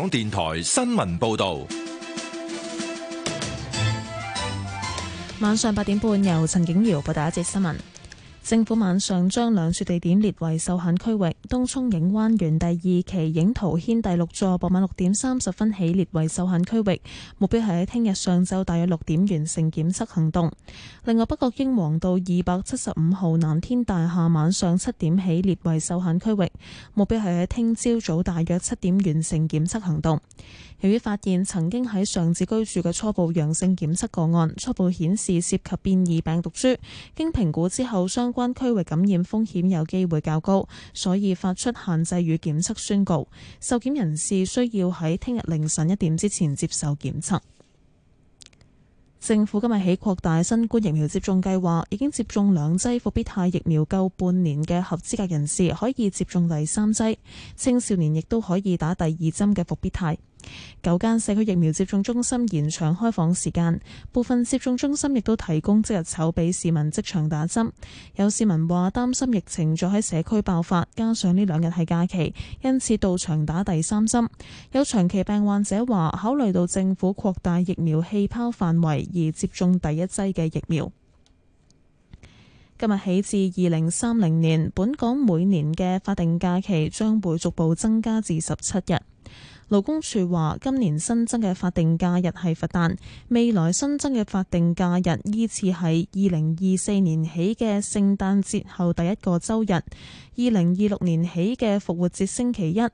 香港電台新聞報道。晚上八點半，由陳景瑤報道一節新聞。政府晚上將兩處地點列為受限區域，東涌影灣園第二期影圖軒第六座傍晚六點三十分起列為受限區域，目標係喺聽日上晝大約六點完成檢測行動。另外，北角英皇道二百七十五號南天大廈晚上七點起列為受限區域，目標係喺聽朝早大約七點完成檢測行動。由於發現曾經喺上址居住嘅初步陽性檢測個案，初步顯示涉及變異病毒株，經評估之後，相關區域感染風險有機會較高，所以發出限制與檢測宣告。受檢人士需要喺聽日凌晨一點之前接受檢測。政府今日起擴大新冠疫苗接種計劃，已經接種兩劑復必泰疫苗夠半年嘅合資格人士可以接種第三劑，青少年亦都可以打第二針嘅復必泰。九間社區疫苗接種中心延長開放時間，部分接種中心亦都提供即日籌俾市民即場打針。有市民話擔心疫情再喺社區爆發，加上呢兩日係假期，因此到場打第三針。有長期病患者話考慮到政府擴大疫苗氣泡範圍而接種第一劑嘅疫苗。今日起至二零三零年，本港每年嘅法定假期將會逐步增加至十七日。勞工處話：今年新增嘅法定假日係佛誕，未來新增嘅法定假日依次係二零二四年起嘅聖誕節後第一個周日、二零二六年起嘅復活節星期一、二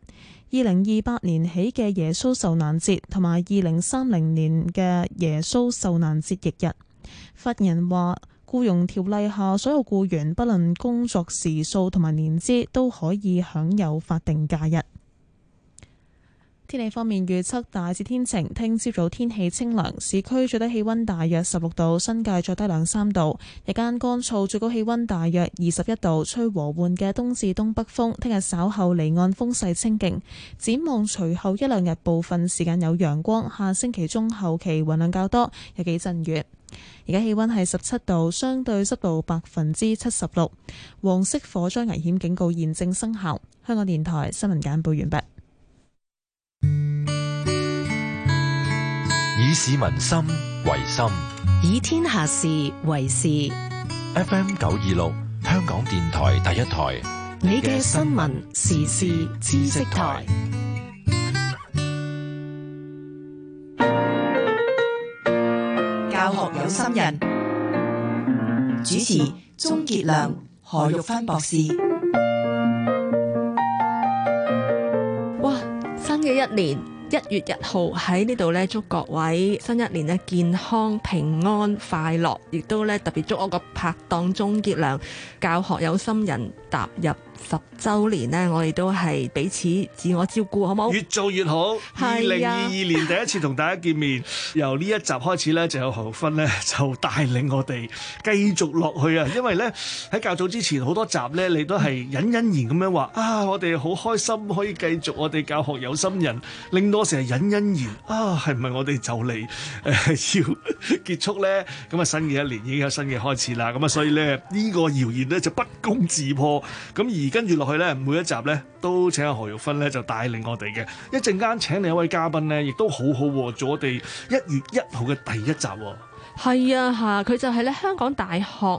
零二八年起嘅耶穌受難節同埋二零三零年嘅耶穌受難節翌日。發言人話：僱傭條例下，所有僱員，不論工作時數同埋年資，都可以享有法定假日。天氣方面預測大致天晴，聽朝早天氣清涼，市區最低氣溫大約十六度，新界再低兩三度。日間乾燥，最高氣溫大約二十一度，吹和緩嘅東至東北風。聽日稍後離岸風勢清勁，展望隨後一兩日部分時間有陽光，下星期中後期雲量較多，有幾陣雨。而家氣溫係十七度，相對濕度百分之七十六。黃色火災危險警告現正生效。香港電台新聞簡報完畢。以市民心為心，以天下事為事。FM 九二六，香港電台第一台，你嘅新聞時事知識台。教學有心人，主持鍾杰良、何玉芬博士。哇，新嘅一年！一月一號喺呢度呢，祝各位新一年呢健康平安快樂，亦都呢特別祝我個拍檔鍾傑良教學有心人踏入十周年呢，我哋都係彼此自我照顧，好唔好？越做越好。二零二二年第一次同大家見面， 由呢一集開始呢，就有何玉芬呢就帶領我哋繼續落去啊！因為呢，喺較早之前好多集呢，你都係隱隱然咁樣話啊，我哋好開心可以繼續我哋教學有心人，令到我成日隱隱然啊，係唔係我哋就嚟誒、呃、要結束呢？」咁啊，新嘅一年已經有新嘅開始啦。咁啊，所以呢，呢個謠言呢就不攻自破。咁而跟住落去咧，每一集咧都請阿何玉芬咧就帶領我哋嘅，一陣間請另一位嘉賓咧，亦都好好喎，做我哋一月一號嘅第一集喎。係啊，嚇佢就係咧香港大學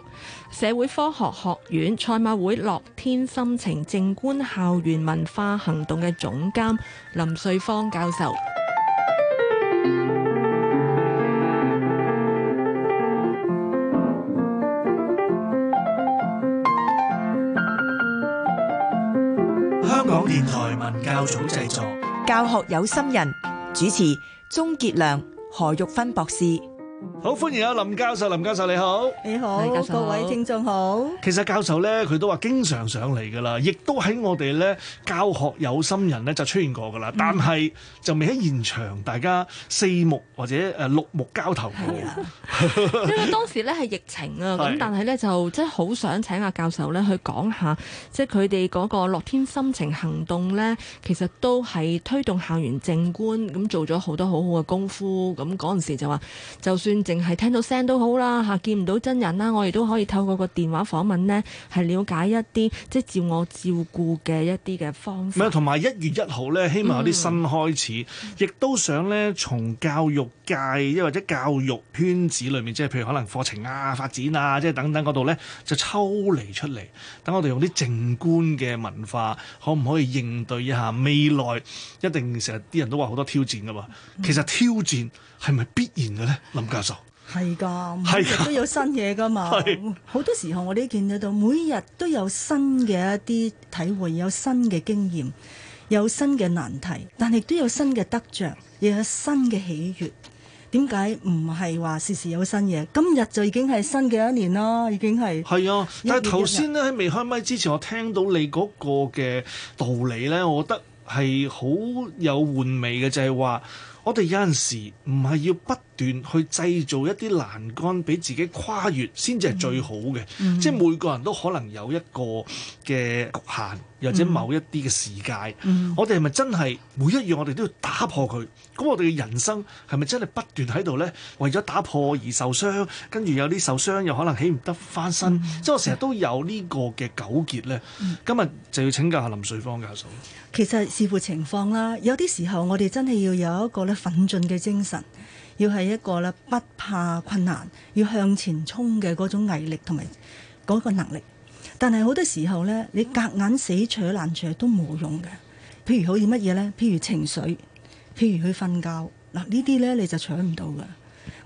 社會科學學院賽馬會樂天心澄靜觀校園文化行動嘅總監林瑞芳教授。電台文教組製作，教學有心人主持，鍾杰良、何玉芬博士。好歡迎啊，林教授，林教授你好，你好，你好好，各位聽眾好。其實教授咧，佢都話經常上嚟㗎啦，亦都喺我哋咧教學有心人咧就出現過㗎啦，嗯、但係就未喺現場，大家四目或者誒六目交投過。因為 當時咧係疫情啊，咁 但係咧就真係好想請阿教授咧去講下，即係佢哋個樂天心澄行動咧，其實都係推動校園靜觀，咁做咗好多好好嘅功夫，咁陣時就話就算靜係聽到聲都好啦嚇，見唔到真人啦，我亦都可以透過個電話訪問呢，係了解一啲即係照我照顧嘅一啲嘅方式。同埋一月一號呢，希望有啲新開始，亦都想呢從教育。界，或者教育圈子裏面，即係譬如可能課程啊、發展啊，即係等等嗰度呢，就抽離出嚟，等我哋用啲靜觀嘅文化，可唔可以應對一下未來？一定成日啲人都話好多挑戰噶嘛。嗯、其實挑戰係咪必然嘅呢？林教授係噶，每日都有新嘢噶嘛，好是的 多時候我哋都見得到，每日都有新嘅一啲體會，有新嘅經驗，有新嘅難題，但係都有新嘅得着，又有新嘅喜悅。點解唔係話時時有新嘢？今日就已經係新嘅一年啦，已經係。係啊，但係頭先咧喺未開麥之前，我聽到你嗰個嘅道理咧，我覺得係好有玩味嘅，就係、是、話我哋有陣時唔係要不斷去製造一啲欄杆俾自己跨越，先至係最好嘅。嗯、即係每個人都可能有一個嘅局限，或者某一啲嘅視界。嗯、我哋係咪真係每一樣我哋都要打破佢？咁我哋嘅人生係咪真係不斷喺度呢？為咗打破而受傷，跟住有啲受傷又可能起唔得翻身。嗯、即係我成日都有呢個嘅糾結呢。嗯、今日就要請教下林瑞芳教授。其實視乎情況啦。有啲時候我哋真係要有一個咧奮進嘅精神。要係一個咧不怕困難，要向前衝嘅嗰種毅力同埋嗰個能力。但係好多時候咧，你夾硬死搶爛搶都冇用嘅。譬如好似乜嘢咧？譬如情緒，譬如去瞓覺，嗱呢啲咧你就搶唔到㗎。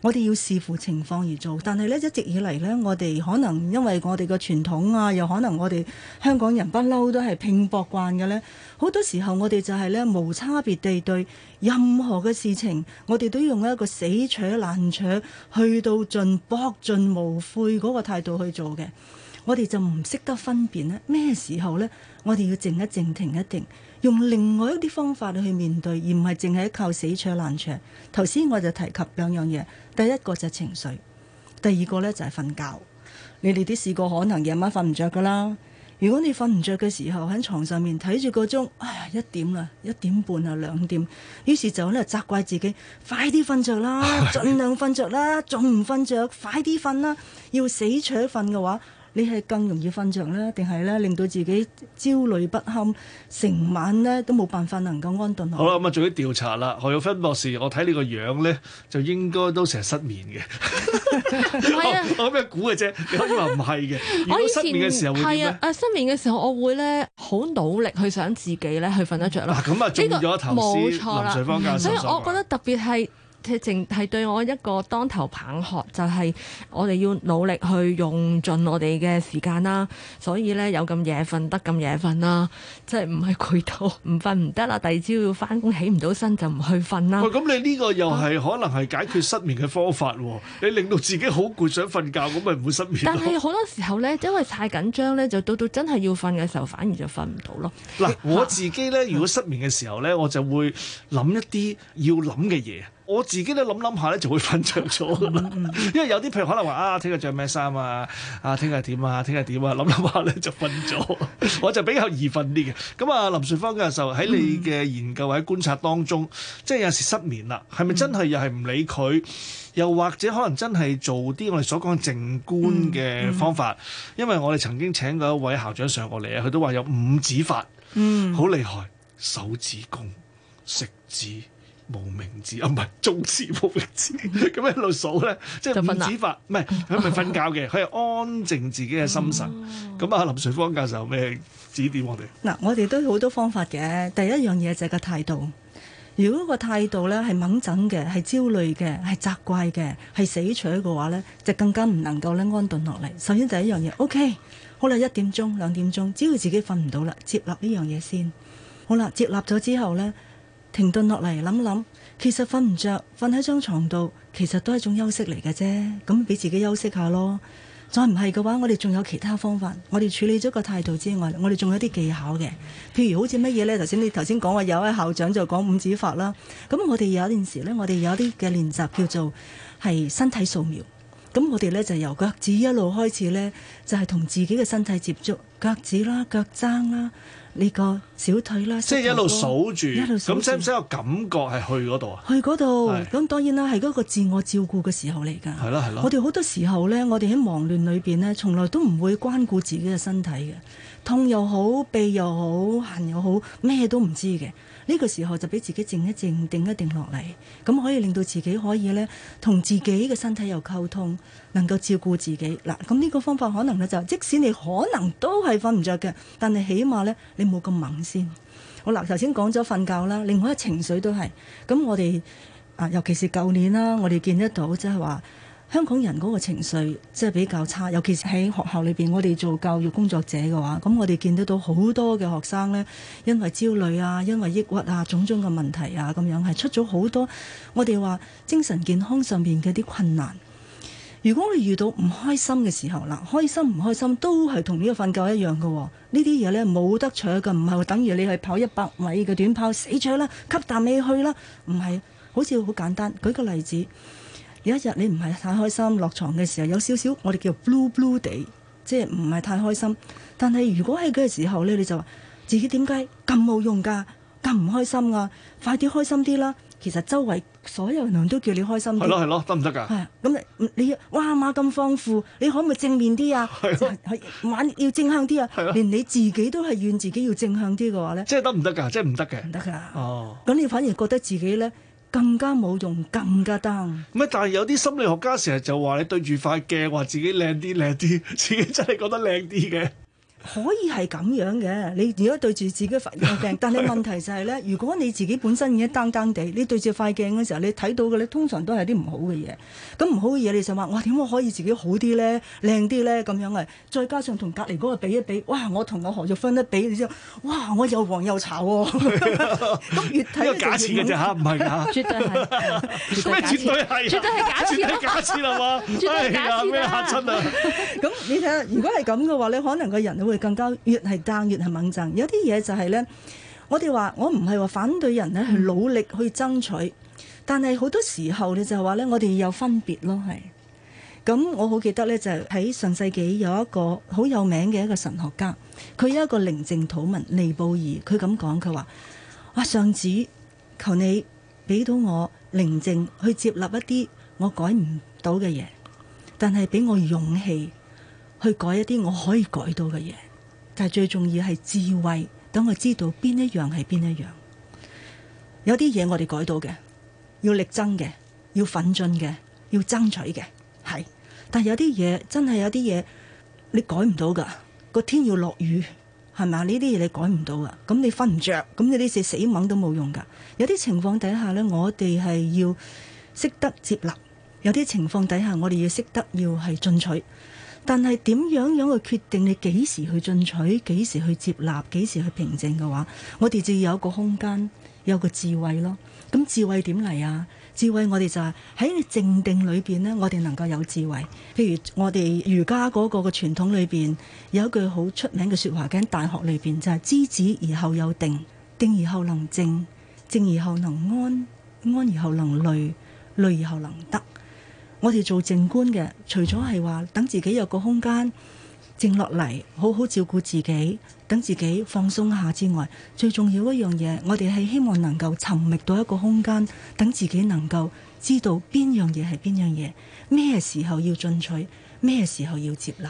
我哋要視乎情況而做，但係咧一直以嚟呢，我哋可能因為我哋個傳統啊，又可能我哋香港人不嬲都係拼搏慣嘅呢，好多時候我哋就係呢無差別地對任何嘅事情，我哋都用一個死搶、爛搶、去到盡、搏盡無悔嗰個態度去做嘅，我哋就唔識得分辨呢咩時候呢，我哋要靜一靜、停一停。用另外一啲方法去面對，而唔係淨係靠死搶爛搶。頭先我就提及兩樣嘢，第一個就係情緒，第二個呢就係瞓覺。你哋啲試過可能夜晚瞓唔着㗎啦。如果你瞓唔着嘅時候喺床上面睇住個鐘，唉，一點啦，一點半啊，兩點，於是就咧責怪自己，快啲瞓着啦，儘 量瞓着啦，仲唔瞓着，快啲瞓啦。要死搶瞓嘅話。你係更容易瞓着咧，定係咧令到自己焦慮不堪，成晚咧都冇辦法能夠安頓好。好啦，咁啊做啲調查啦，何玉芬博士，我睇你個樣咧，就應該都成日失眠嘅。係 啊， 我咩估嘅啫？你可以話唔係嘅。如果失眠嘅時候 我以前係啊，啊失眠嘅時候，我會咧好努力去想自己咧去瞓得着。咯、啊。嗱、這個，咁啊轉咗頭冇錯林瑞芳教授，所以我覺得特別係。淨係對我一個當頭棒喝，就係、是、我哋要努力去用盡我哋嘅時間啦。所以咧，有咁夜瞓得咁夜瞓啦，即係唔係攰到唔瞓唔得啦？第二朝要返工起唔到身就唔去瞓啦。喂，咁你呢個又係、啊、可能係解決失眠嘅方法喎？你令到自己好攰 想瞓覺，咁咪唔會失眠。但係好多時候咧，因為太緊張咧，就到到真係要瞓嘅時候，反而就瞓唔到咯。嗱，我自己咧，如果失眠嘅時候咧，我就會諗一啲要諗嘅嘢。我自己都諗諗下咧，想想想就會瞓着咗啦。因為有啲譬如可能話啊，聽日着咩衫啊，啊，聽日點啊，聽日點啊，諗諗下咧就瞓咗。我就比較易瞓啲嘅。咁啊，林瑞芳教授，喺你嘅研究或者觀察當中，嗯、即係有時失眠啦，係咪真係又係唔理佢？又或者可能真係做啲我哋所講嘅靜觀嘅方法？嗯、因為我哋曾經請過一位校長上過嚟啊，佢都話有五指法，嗯，好厲害，手指公、食指。無名指啊，唔係中指、無名指，咁一路數咧，即係五指法，唔係佢咪瞓覺嘅，佢係安靜自己嘅心神。咁啊，林瑞芳教授咩指點我哋？嗱、啊，我哋都好多方法嘅。第一樣嘢就係個態度。如果個態度咧係掹緊嘅、係焦慮嘅、係責怪嘅、係死取嘅話咧，就更加唔能夠咧安頓落嚟。首先第一樣嘢，O K，好啦，一點鐘、兩點鐘，只要自己瞓唔到啦，接納呢樣嘢先。好啦，接納咗之後咧。停頓落嚟諗諗，其實瞓唔着，瞓喺張床度，其實都係一種休息嚟嘅啫。咁俾自己休息下咯。再唔係嘅話，我哋仲有其他方法。我哋處理咗個態度之外，我哋仲有啲技巧嘅。譬如好似乜嘢呢？頭先你頭先講話有一位校長就講五指法啦。咁我哋有陣時呢，我哋有啲嘅練習叫做係身體掃描。咁我哋呢，就由腳趾一路開始呢，就係同自己嘅身體接觸腳趾啦、腳踭啦。呢個小腿啦，即係一路數住，一路咁使唔使有感覺係去嗰度啊？去嗰度，咁係當然啦，係嗰個自我照顧嘅時候嚟㗎。係啦係啦，我哋好多時候咧，我哋喺忙亂裏邊咧，從來都唔會關顧自己嘅身體嘅，痛又好，痹又好，痕又好，咩都唔知嘅。呢個時候就俾自己靜一靜，定一定落嚟，咁可以令到自己可以呢同自己嘅身體有溝通，能夠照顧自己。嗱，咁、這、呢個方法可能呢，就是，即使你可能都係瞓唔着嘅，但係起碼呢，你冇咁猛先。我嗱頭先講咗瞓覺啦，另外一情緒都係。咁我哋啊，尤其是舊年啦，我哋見得到即係話。香港人嗰個情緒即係比較差，尤其是喺學校裏邊，我哋做教育工作者嘅話，咁我哋見得到好多嘅學生呢，因為焦慮啊、因為抑鬱啊、種種嘅問題啊，咁樣係出咗好多我哋話精神健康上面嘅啲困難。如果你遇到唔開心嘅時候啦，開心唔開心都係同呢個瞓覺一樣嘅喎、哦。呢啲嘢呢，冇得搶㗎，唔係等於你係跑一百米嘅短跑死搶啦，吸啖氣去啦，唔係好似好簡單。舉個例子。有一日你唔係太開心，落床嘅時候有少少我哋叫 blue blue 地，即係唔係太開心。但係如果喺嗰個時候咧，你就話自己點解咁冇用㗎，咁唔開心㗎、啊，快啲開心啲啦。其實周圍所有人都叫你開心。係咯係咯，得唔得㗎？係啊，咁你你哇阿媽咁豐富，你可唔可以正面啲啊？係咯了，係玩要正向啲啊。係咯了，連你自己都係怨自己要正向啲嘅話咧，即係得唔得㗎？即係唔得嘅。唔得㗎。哦。咁你反而覺得自己咧？更加冇用，更加得。唔係，但係有啲心理學家成日就話你對住塊鏡話自己靚啲靚啲，自己真係覺得靚啲嘅。可以係咁樣嘅，你如果對住自己塊鏡，但係問題就係咧，如果你自己本身已經單單地，你對住塊鏡嘅時候，你睇到嘅咧通常都係啲唔好嘅嘢。咁唔好嘅嘢，你就話哇點我可以自己好啲咧，靚啲咧咁樣啊！再加上同隔離嗰個比一比，哇！我同我何玉芬一比之後，哇！我又黃又醜，越睇越咁。有假設㗎啫嚇，唔係㗎。絕對係。咁樣絕對係。絕對係假設啦。絕對係假設啦。咁你睇下，如果係咁嘅話，你可能個人。會更加越係彈越係猛震，有啲嘢就係、是、呢，我哋話我唔係話反對人咧去努力去爭取，但係好多時候咧就係話咧，我哋要有分別咯係。咁我好記得呢，就係喺上世紀有一個好有名嘅一個神學家，佢有一個寧靜禱文尼布爾，佢咁講佢話：，哇、啊，上主求你俾到我寧靜去接納一啲我改唔到嘅嘢，但係俾我勇氣。去改一啲我可以改到嘅嘢，但係最重要係智慧，等我知道邊一樣係邊一樣。有啲嘢我哋改到嘅，要力爭嘅，要奮進嘅，要爭取嘅係。但係有啲嘢真係有啲嘢你改唔到噶。個天要落雨係咪？呢啲嘢你改唔到噶。咁你瞓唔着，咁你啲事死掹都冇用噶。有啲情況底下呢，我哋係要識得接納；有啲情況底下，我哋要識得，得要係進取。但係點樣樣去決定你幾時去進取，幾時去接納，幾時去平靜嘅話，我哋就要有個空間，有個智慧咯。咁智慧點嚟啊？智慧我哋就係喺你靜定裏邊呢，我哋能夠有智慧。譬如我哋儒家嗰個嘅傳統裏邊有一句好出名嘅説話，喺大學裏邊就係、是、知止而後有定，定而後能靜，靜而後能安，安而後能慮，慮而後能得。我哋做靜觀嘅，除咗係話等自己有個空間靜落嚟，好好照顧自己，等自己放鬆下之外，最重要一樣嘢，我哋係希望能夠尋覓到一個空間，等自己能夠知道邊樣嘢係邊樣嘢，咩時候要進取，咩時候要接納。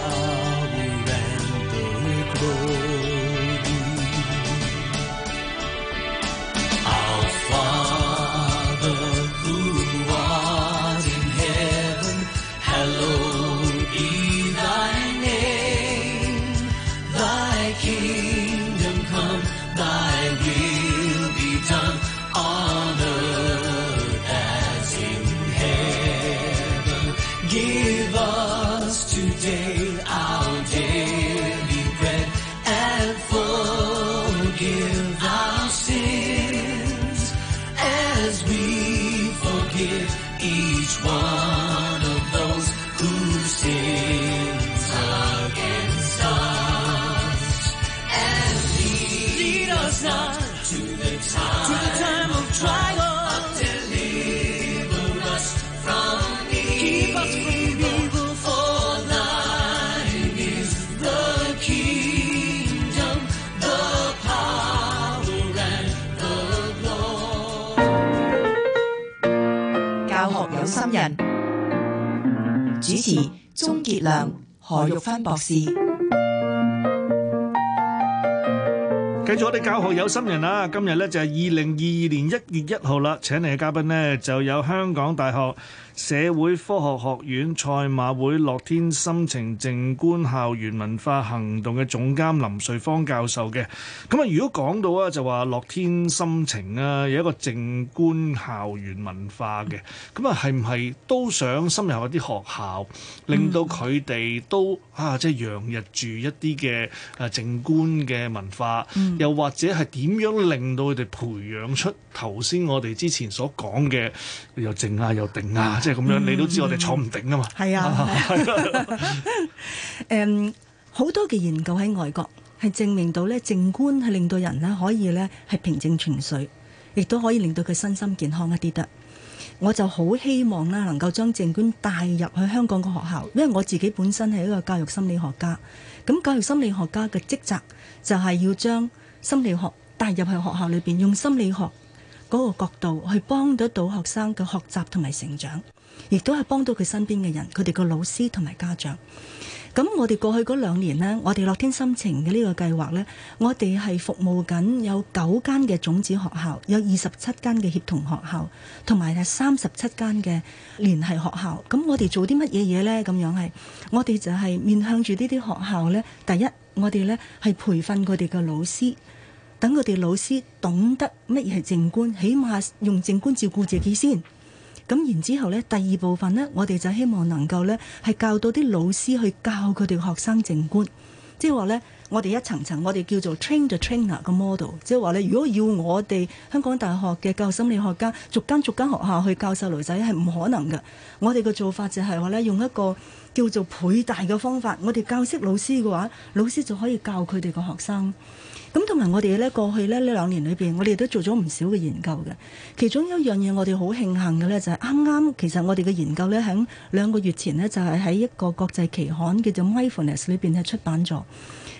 心人主持：鍾杰良、何玉芬博士。咁我啲教學有心人啊。今日呢，就係二零二二年一月一號啦，請嚟嘅嘉賓呢，就有香港大學社會科學學院賽馬會樂天心澄靜觀校園文化行動嘅總監林瑞芳教授嘅。咁啊，如果講到啊，就話樂天心澄啊，有一個靜觀校園文化嘅，咁啊係唔係都想深入一啲學校，令到佢哋都啊，即係洋溢住一啲嘅誒靜觀嘅文化？嗯嗯又或者係點樣令到佢哋培養出頭先我哋之前所講嘅又靜啊又定啊，即係咁樣，嗯、你都知我哋坐唔定啊嘛。係啊，誒好多嘅研究喺外國係證明到呢，靜觀係令到人呢可以呢係平靜情緒，亦都可以令到佢身心健康一啲得。我就好希望咧能夠將靜觀帶入去香港個學校，因為我自己本身係一個教育心理學家，咁教育心理學家嘅職責就係要將心理學帶入去學校裏邊，用心理學嗰個角度去幫得到學生嘅學習同埋成長，亦都係幫到佢身邊嘅人，佢哋個老師同埋家長。咁我哋過去嗰兩年呢，我哋樂天心澄嘅呢個計劃呢，我哋係服務緊有九間嘅種子學校，有二十七間嘅協同學校，同埋係三十七間嘅聯繫學校。咁我哋做啲乜嘢嘢呢？咁樣係，我哋就係面向住呢啲學校呢。第一。我哋呢係培訓佢哋嘅老師，等佢哋老師懂得乜嘢係靜觀，起碼用靜觀照顧自己先。咁然之後呢，第二部分呢，我哋就希望能夠呢係教到啲老師去教佢哋學生靜觀。即係話咧，我哋一層層，我哋叫做 train the trainer 個 model。即係話咧，如果要我哋香港大學嘅教育心理學家逐間逐間學校去教細路仔，係唔可能嘅。我哋嘅做法就係話咧，用一個叫做倍大嘅方法。我哋教識老師嘅話，老師就可以教佢哋個學生。咁同埋我哋咧，過去咧呢兩年裏邊，我哋都做咗唔少嘅研究嘅。其中一樣嘢，我哋好慶幸嘅咧，就係啱啱其實我哋嘅研究咧，喺兩個月前呢，就係喺一個國際期刊叫做《Mindfulness》裏邊係出版咗。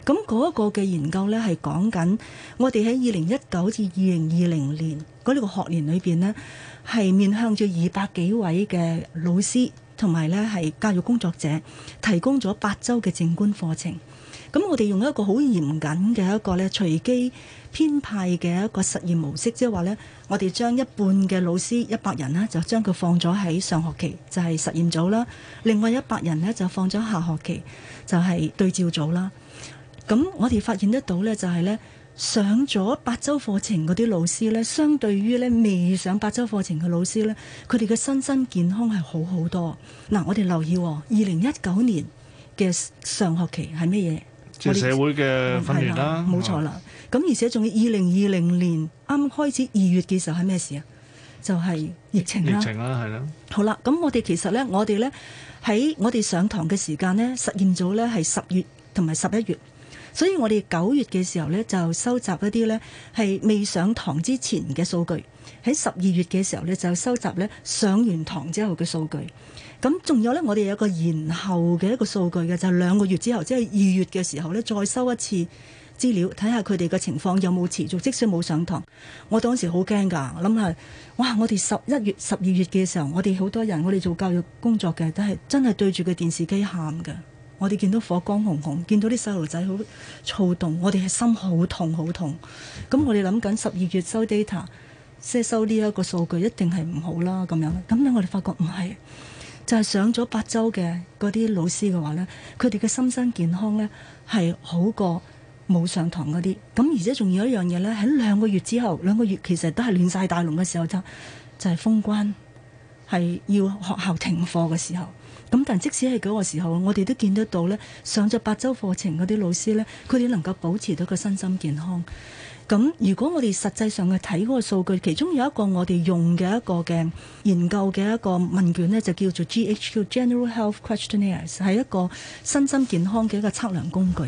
咁嗰一個嘅研究咧，係講緊我哋喺二零一九至二零二零年嗰呢個學年裏邊呢，係面向住二百幾位嘅老師同埋咧係教育工作者，提供咗八周嘅正觀課程。咁我哋用一個好嚴謹嘅一個咧隨機編派嘅一個實驗模式，即係話咧，我哋將一半嘅老師一百人呢，就將佢放咗喺上學期就係實驗組啦，另外一百人呢，就放咗下學期就係對照組啦。咁我哋發現得到咧就係咧，上咗八周課程嗰啲老師咧，相對於咧未上八周課程嘅老師咧，佢哋嘅身心健康係好好多。嗱，我哋留意喎二零一九年嘅上學期係乜嘢？社會嘅訓練啦，冇、嗯、錯啦。咁、嗯、而且仲要二零二零年啱開始二月嘅時候係咩事啊？就係疫情，疫情啦，係啦、啊。好啦，咁我哋其實咧，我哋咧喺我哋上堂嘅時間咧，實驗組咧係十月同埋十一月，所以我哋九月嘅時候咧就收集一啲咧係未上堂之前嘅數據，喺十二月嘅時候咧就收集咧上完堂之後嘅數據。咁仲有呢，我哋有個延後嘅一個數據嘅，就係兩個月之後，即係二月嘅時候呢，再收一次資料，睇下佢哋嘅情況有冇持續，即使冇上堂。我當時好驚㗎，諗下，哇，我哋十一月、十二月嘅時候，我哋好多人，我哋做教育工作嘅都係真係對住個電視機喊嘅。我哋見到火光紅紅，見到啲細路仔好躁動，我哋係心好痛好痛。咁我哋諗緊十二月收 data，即收呢一個數據一定係唔好啦。咁樣咁，樣我哋發覺唔係。就係上咗八週嘅嗰啲老師嘅話呢，佢哋嘅身心健康呢係好過冇上堂嗰啲。咁而且仲有一樣嘢呢，喺兩個月之後，兩個月其實都係亂晒大龍嘅時候，就就係封關，係要學校停課嘅時候。咁但即使係嗰個時候，我哋都見得到呢，上咗八週課程嗰啲老師呢，佢哋能夠保持到個身心健康。咁如果我哋實際上去睇嗰個數據，其中有一個我哋用嘅一個嘅研究嘅一個問卷呢，就叫做 GHQ General Health Questionnaire，s 係一個身心健康嘅一個測量工具。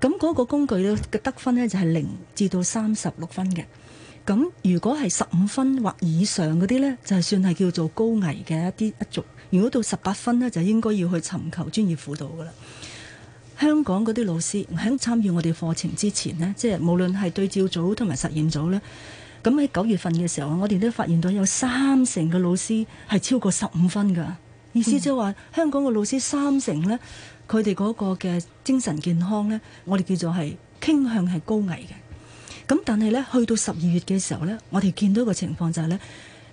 咁嗰個工具呢嘅得分呢，就係零至到三十六分嘅。咁如果係十五分或以上嗰啲呢，就係算係叫做高危嘅一啲一族。如果到十八分呢，就應該要去尋求專業輔導噶啦。香港嗰啲老師響參與我哋課程之前咧，即係無論係對照組同埋實驗組咧，咁喺九月份嘅時候，我哋都發現到有三成嘅老師係超過十五分噶，意思即係話香港嘅老師三成咧，佢哋嗰個嘅精神健康咧，我哋叫做係傾向係高危嘅。咁但係咧，去到十二月嘅時候咧，我哋見到個情況就係咧，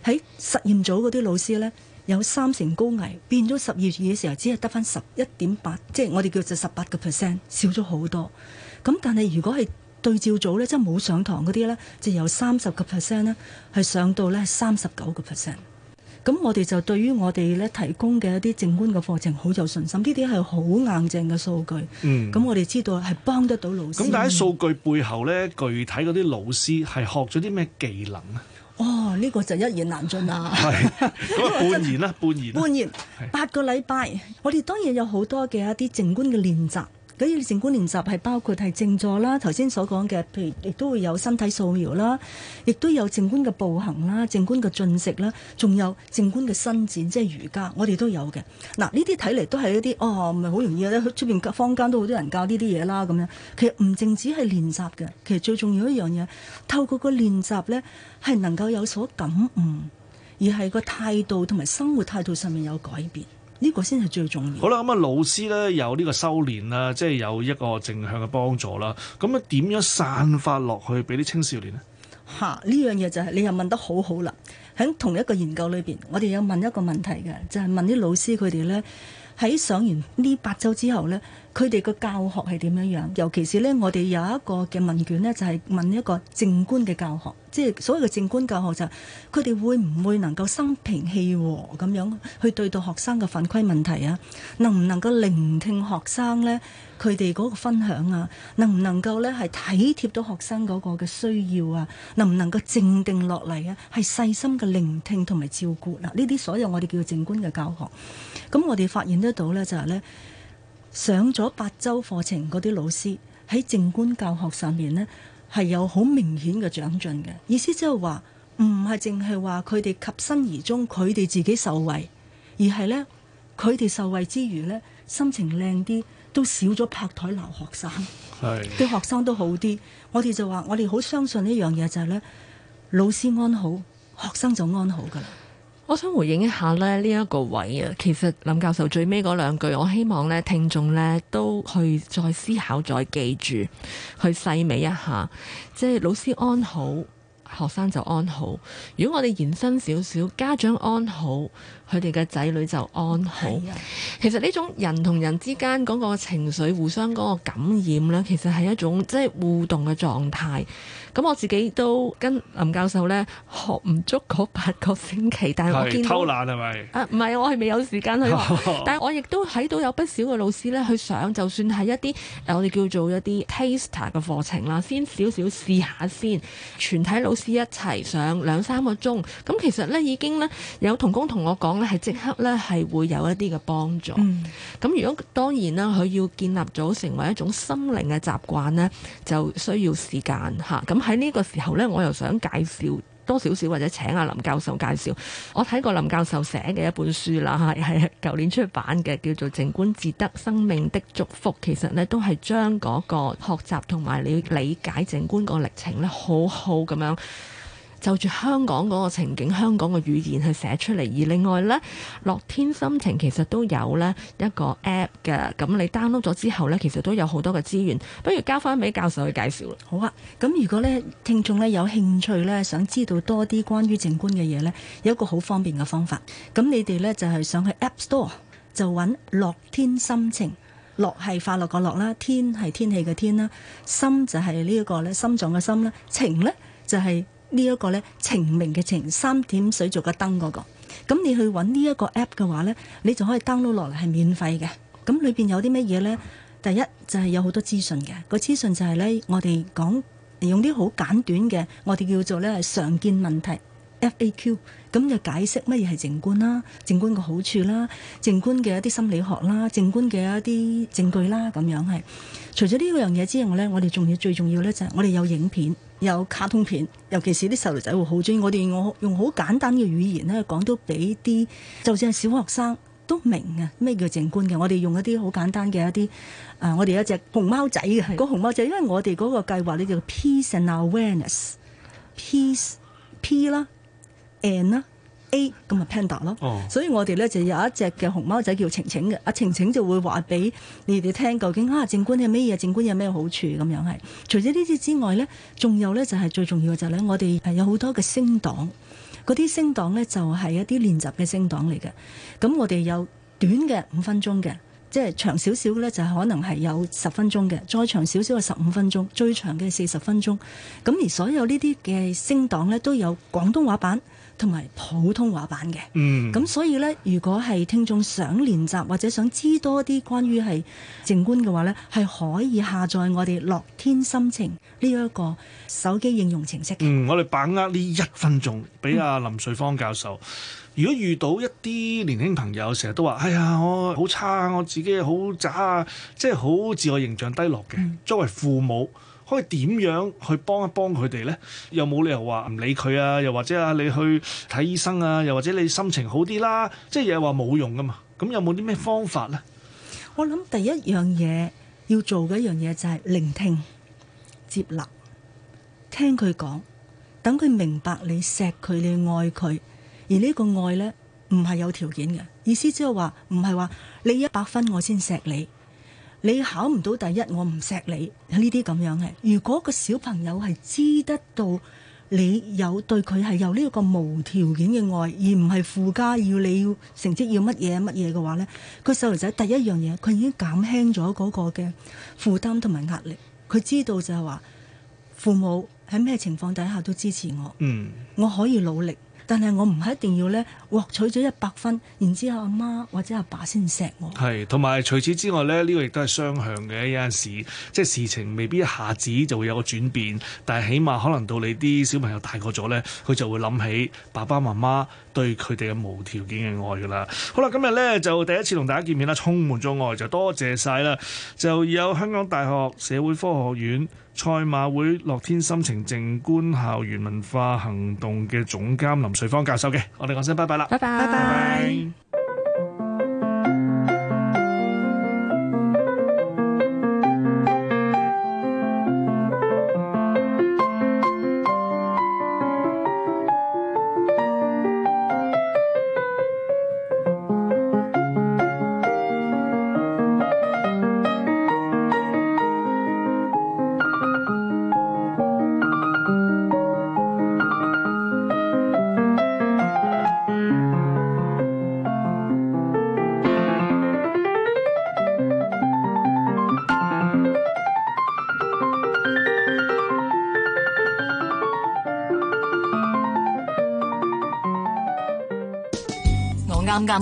喺實驗組嗰啲老師咧。有三成高危，變咗十二月嘅時候，只係得翻十一點八，即係我哋叫做十八個 percent，少咗好多。咁但係如果係對照組咧，即係冇上堂嗰啲咧，就由三十個 percent 咧，係上到咧三十九個 percent。咁我哋就對於我哋咧提供嘅一啲正觀嘅課程好有信心，呢啲係好硬淨嘅數據。嗯，咁我哋知道係幫得到老師。咁但係喺數據背後咧，嗯、具體嗰啲老師係學咗啲咩技能咧？哦，呢、這個就一言難盡啦，啊。 半年啦，半年。半年，八個禮拜，是我哋當然有好多嘅一啲靜觀嘅練習。嗰啲靜觀練習係包括係靜坐啦，頭先所講嘅，譬如亦都會有身體掃描啦，亦都有靜觀嘅步行啦，靜觀嘅進食啦，仲有靜觀嘅伸展，即係瑜伽，我哋都有嘅。嗱，呢啲睇嚟都係一啲哦，唔係好容易嘅，出邊坊間都好多人教呢啲嘢啦，咁樣。其實唔淨止係練習嘅，其實最重要一樣嘢，透過個練習咧係能夠有所感悟，而係個態度同埋生活態度上面有改變。呢個先係最重要。好啦，咁啊老師呢，有呢個修練啦，即係有一個正向嘅幫助啦。咁啊點樣散發落去俾啲青少年呢？嚇！呢樣嘢就係、是、你又問得好好啦。喺同一個研究裏邊，我哋有問一個問題嘅，就係、是、問啲老師佢哋呢。喺上完呢八周之後咧，佢哋個教學係點樣樣，尤其是咧，我哋有一個嘅問卷咧，就係、是、問一個靜觀嘅教學，即、就、係、是、所謂嘅靜觀教學就佢、是、哋會唔會能夠心平氣和咁樣去對待學生嘅犯規問題啊？能唔能夠聆聽學生咧佢哋個分享啊？能唔能夠咧係體貼到學生嗰個嘅需要啊？能唔能夠靜定落嚟啊，係細心嘅聆聽同埋照顧嗱、啊？呢啲所有我哋叫做靜觀嘅教學，咁我哋發現，咧，得到咧就係咧上咗八周課程嗰啲老師喺靜觀教學上面呢，係有好明顯嘅長進嘅意思，即係話唔係淨係話佢哋及身而終，佢哋自己受惠，而係呢，佢哋受惠之餘呢，心情靚啲，都少咗拍台鬧學生，對是學生都好啲。我哋就話我哋好相信呢樣嘢就係、是、呢：老師安好，學生就安好噶啦。我想回應一下咧，呢一個位啊，其實林教授最尾嗰兩句，我希望咧聽眾咧都去再思考、再記住，去細味一下，即係老師安好，學生就安好。如果我哋延伸少少，家長安好，佢哋嘅仔女就安好。其實呢種人同人之間嗰個情緒互相嗰個感染咧，其實係一種即係互動嘅狀態，咁我自己都跟林教授咧學唔足八個星期，但係我見偷懶係咪？啊，唔係，我係未有時間去學。 但係我亦都睇到有不少嘅老師咧去上，就算係一啲誒我哋叫做一啲 taster 嘅課程啦，先少少試下先。全體老師一齊上兩三個鐘，咁其實咧已經咧有同工同我講。係即刻咧，係會有一啲嘅幫助。咁、嗯、如果當然啦，佢要建立咗成為一種心靈嘅習慣呢，就需要時間吓。咁喺呢個時候呢，我又想介紹多少少，或者請阿林教授介紹。我睇過林教授寫嘅一本書啦，吓係舊年出版嘅，叫做《靜觀自得：生命的祝福》。其實呢，都係將嗰個學習同埋你理解靜觀個歷程呢，好好咁樣。就住香港嗰個情景、香港嘅語言去寫出嚟。而另外呢，樂天心澄其實都有呢一個 app 嘅。咁你 download 咗之後呢，其實都有好多嘅資源。不如交翻俾教授去介紹啦。好啊，咁如果呢聽眾呢有興趣呢，想知道多啲關於靜觀嘅嘢呢，有一個好方便嘅方法。咁你哋呢就係上去 App Store 就揾樂天心澄。樂係快樂個樂啦，天係天氣嘅天啦，心就係呢一個呢心臟嘅心啦，澄呢就係、是。呢一個咧，澄明嘅澄，三點水做嘅登嗰個。咁你去揾呢一個 app 嘅話咧，你就可以 download 落嚟係免費嘅。咁裏邊有啲乜嘢咧？第一就係、是、有好多資訊嘅，個資訊就係咧，我哋講用啲好簡短嘅，我哋叫做咧常見問題 FAQ。咁 FA 就解釋乜嘢係靜觀啦，靜觀嘅好處啦，靜觀嘅一啲心理學啦，靜觀嘅一啲證據啦，咁樣係。除咗呢樣嘢之外咧，我哋仲要最重要咧就係我哋有影片。有卡通片，尤其是啲細路仔會好中意。我哋我用好簡單嘅語言咧講都俾啲，就算係小學生都明啊，咩叫靜觀嘅。我哋用一啲好簡單嘅一啲，啊、呃，我哋一隻熊貓仔嘅的個熊貓仔，因為我哋嗰個計劃咧叫 peace and awareness，peace 的 p 啦 n 啦。A 咁咪 Panda 咯，oh。所以我哋咧就有一隻嘅熊貓仔叫晴晴嘅，阿晴晴就會話俾你哋聽究竟啊靜觀係咩嘢，靜觀有咩好處咁樣係。除咗呢啲之外咧，仲有咧就係最重要嘅就係咧，我哋係有好多嘅聲檔，嗰啲聲檔咧就係一啲練習嘅聲檔嚟嘅。咁我哋有短嘅五分鐘嘅，即係長少少嘅咧就係可能係有十分鐘嘅，再長少少係十五分鐘，最長嘅四十分鐘。咁而所有呢啲嘅聲檔咧都有廣東話版。同埋普通話版嘅，咁、嗯、所以呢，如果係聽眾想練習或者想知多啲關於係靜觀嘅話呢，係可以下載我哋樂天心澄呢一、這個手機應用程式嘅，嗯。我哋把握呢一分鐘，俾阿林瑞芳教授。嗯、如果遇到一啲年輕朋友成日都話，哎呀，我好差，我自己好渣啊，即係好自我形象低落嘅，嗯、作為父母。可以點樣去幫一幫佢哋呢？又冇理由話唔理佢啊？又或者啊，你去睇醫生啊？又或者你心情好啲啦，即係又話冇用噶嘛？咁有冇啲咩方法呢？我諗第一樣嘢要做嘅一樣嘢就係聆聽、接納、聽佢講，等佢明白你錫佢、你愛佢，而呢個愛呢，唔係有條件嘅，意思即係話唔係話你一百分我先錫你。你考唔到第一，我唔錫你，呢啲咁樣嘅。如果個小朋友係知得到你有對佢係有呢個無條件嘅愛，而唔係附加要你要成績要乜嘢乜嘢嘅話咧，個細路仔第一樣嘢，佢已經減輕咗嗰個嘅負擔同埋壓力。佢知道就係話，父母喺咩情況底下都支持我，嗯，我可以努力。但係我唔係一定要咧獲取咗一百分，然之後阿媽或者阿爸先錫我。係，同埋除此之外咧，呢個亦都係雙向嘅。有陣時即係事情未必一下子就會有個轉變，但係起碼可能到你啲小朋友大個咗咧，佢就會諗起爸爸媽媽對佢哋嘅無條件嘅愛㗎啦。好啦，今日咧就第一次同大家見面啦，充滿咗愛，就多謝晒啦！就有香港大學社會科學院。賽馬會樂天心澄靜觀校園文化行動嘅總監林瑞芳教授嘅，我哋講聲拜拜啦。拜拜拜拜。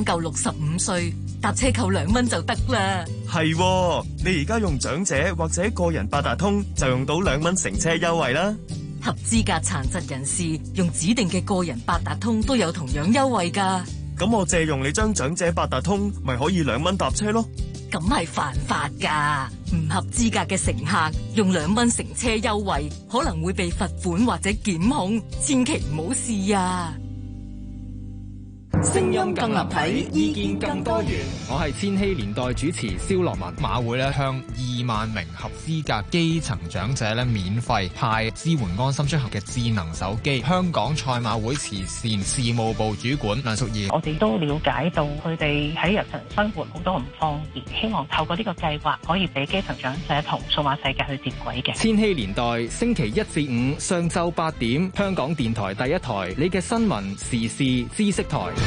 夠六十五歲搭車扣兩蚊就得啦。係，你而家用長者或者個人八達通就用到兩蚊乘車優惠啦。合資格殘疾人士用指定嘅個人八達通都有同樣優惠噶。咁我借用你張長者八達通，咪可以兩蚊搭車咯。咁係犯法噶，唔合資格嘅乘客用兩蚊乘車優惠可能會被罰款或者檢控，千祈唔好試啊！聲音更立體，意見更多元。我係千禧年代主持蕭羅文，馬會咧向二萬名合資格基層長者咧免費派支援安心出行嘅智能手機。香港賽馬會慈善事務部主管梁淑儀，我哋都了解到佢哋喺日常生活好多唔方便，希望透過呢個計劃可以俾基層長者同數碼世界去接軌嘅。千禧年代星期一至五上晝八點，香港電台第一台，你嘅新聞時事知識台。